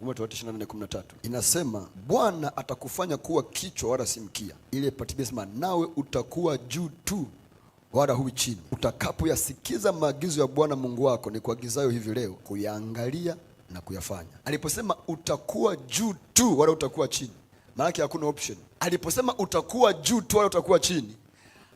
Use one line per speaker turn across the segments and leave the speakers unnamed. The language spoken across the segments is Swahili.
Kumbukumbu Torati inasema, Bwana atakufanya kuwa kichwa wala si mkia. Ile patibia sema, nawe utakuwa juu tu wala huwi chini, utakapoyasikiza maagizo ya Bwana Mungu wako ni kuagizayo hivi leo, kuyaangalia na kuyafanya. Aliposema utakuwa juu tu wala utakuwa chini, maanake hakuna option. Aliposema utakuwa juu tu wala utakuwa chini,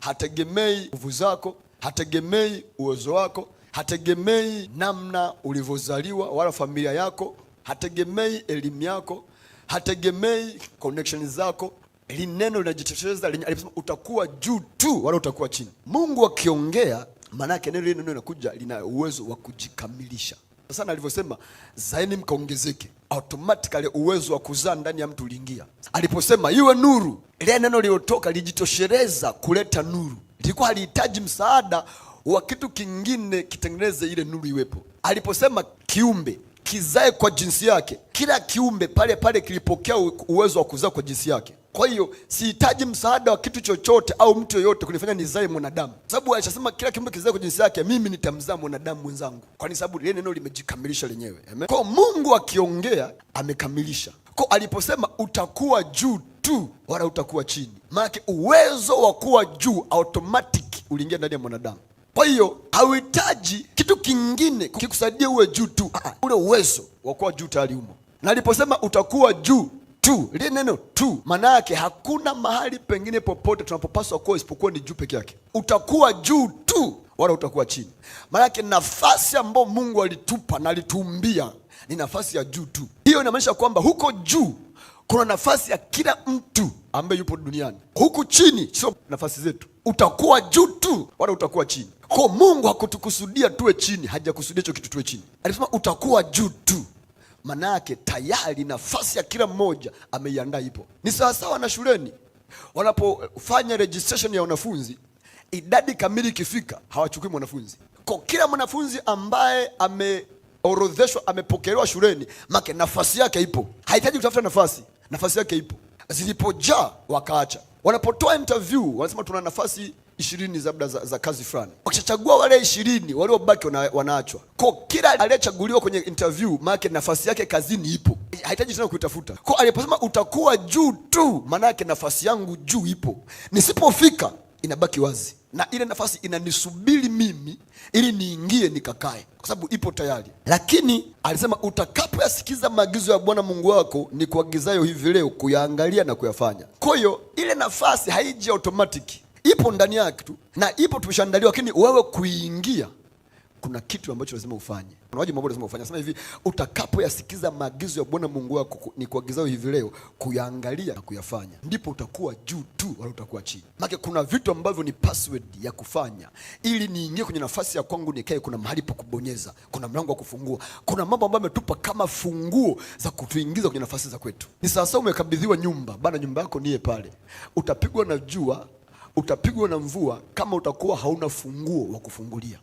hategemei nguvu zako, hategemei uwezo wako, hategemei namna ulivyozaliwa wala familia yako hategemei elimu yako, hategemei connection zako. Ili neno linajitosheleza, alisema utakuwa juu tu wala utakuwa chini. Mungu akiongea, maana yake neno neno linakuja, lina uwezo wa kujikamilisha sana alivyosema zaini mkaongezeke, automatically uwezo wa kuzaa ndani ya mtu uliingia. Aliposema iwe nuru, ile neno lililotoka lijitosheleza kuleta nuru, lilikuwa halihitaji msaada wa kitu kingine kitengeneze ile nuru iwepo. Aliposema kiumbe kizae kwa jinsi yake. Kila kiumbe pale pale kilipokea uwezo wa kuzaa kwa jinsi yake. Kwa hiyo sihitaji msaada wa kitu chochote au mtu yoyote kunifanya nizae mwanadamu, sababu alishasema kila kiumbe kizae kwa jinsi yake, mimi nitamzaa mwanadamu mwenzangu, kwani sababu lile neno limejikamilisha lenyewe. Amen. Kwa Mungu akiongea amekamilisha. Kwa aliposema utakuwa juu tu wala utakuwa chini, maanake uwezo wa kuwa juu automatic uliingia ndani ya mwanadamu. Kwa hiyo hauhitaji kitu kingine kikusaidia uwe juu tu. Ah, ah, ule uwezo wa kuwa juu tayari umo, na aliposema utakuwa juu tu, lile neno tu maana yake hakuna mahali pengine popote tunapopaswa kuwa isipokuwa ni juu peke yake. Utakuwa juu tu, wala utakuwa chini. Maana yake nafasi ambayo Mungu alitupa na alituumbia ni nafasi ya juu tu. Hiyo inamaanisha kwamba huko juu kuna nafasi ya kila mtu ambaye yupo duniani. Huku chini sio nafasi zetu. Utakuwa juu tu, wala utakuwa chini kwa Mungu hakutukusudia tuwe chini, hajakusudia hicho kitu tuwe chini. Alisema utakuwa juu tu. manayake tayari nafasi ya kila mmoja ameiandaa ipo. Ni sawasawa na shuleni wanapofanya registration ya wanafunzi, idadi kamili ikifika hawachukui mwanafunzi. Kwa kila mwanafunzi ambaye ameorodheshwa, amepokelewa shuleni, make nafasi yake ipo, hahitaji kutafuta nafasi, nafasi yake ipo. Zilipojaa wakaacha. Wanapotoa interview wanasema tuna nafasi ishirini labda za, za kazi fulani. Wakishachagua wale ishirini waliobaki wana, wanaachwa kwa kila aliyechaguliwa kwenye interview, maana nafasi yake kazini ipo, hahitaji tena kuitafuta. Kwa aliposema utakuwa juu tu, maana nafasi yangu juu ipo, nisipofika inabaki wazi na ile nafasi inanisubiri mimi ili niingie nikakae, kwa sababu ipo tayari. Lakini alisema utakapoyasikiza maagizo ya Bwana Mungu wako ni kuagizayo hivi leo, kuyaangalia na kuyafanya. Kwa hiyo ile nafasi haiji automatiki ipo ndani yake tu na ipo tumeshaandaliwa, lakini wewe kuingia kuna kitu ambacho lazima ufanye. Kuna wajibu ambao lazima ufanye. Sema hivi, utakapoyasikiza maagizo ya Bwana Mungu wako ni kuagizao hivi leo, kuyaangalia na kuyafanya, ndipo utakuwa juu tu, wala utakuwa chini. Maana kuna vitu ambavyo ni password ya kufanya ili niingie kwenye nafasi ya kwangu nikae. Kuna mahali pa kubonyeza, kuna mlango wa kufungua, kuna mambo ambayo ametupa kama funguo za kutuingiza kwenye nafasi za kwetu. Ni sasa umekabidhiwa nyumba bana, nyumba yako niye pale, utapigwa na jua utapigwa na mvua kama utakuwa hauna funguo wa kufungulia.